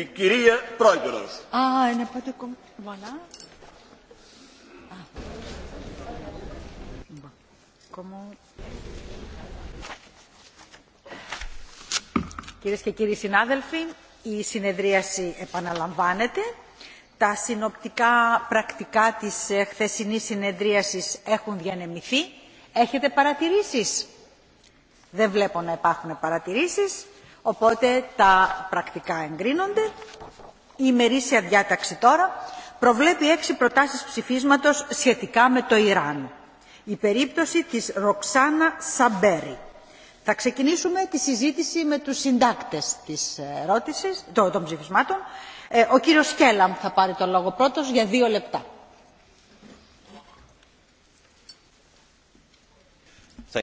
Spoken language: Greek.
Η κυρία Πρόεδρος. Α, είναι Κυρίες και κύριοι συνάδελφοι, η συνεδρίαση επαναλαμβάνεται. Τα συνοπτικά πρακτικά της ε, χθεσινής συνεδρίασης έχουν διανεμηθεί. Έχετε παρατηρήσεις. Δεν βλέπω να υπάρχουν παρατηρήσεις. Οπότε τα πρακτικά εγκρίνονται. Η ημερήσια διάταξη τώρα προβλέπει έξι προτάσεις ψηφίσματος σχετικά με το Ιράν. Η περίπτωση της Ροξάνα Σαμπέρι. Θα ξεκινήσουμε τη συζήτηση με τους συντάκτες της ερώτησης, των ψηφισμάτων. Ε, ο κύριος Κέλαμ θα πάρει το λόγο πρώτος για δύο λεπτά.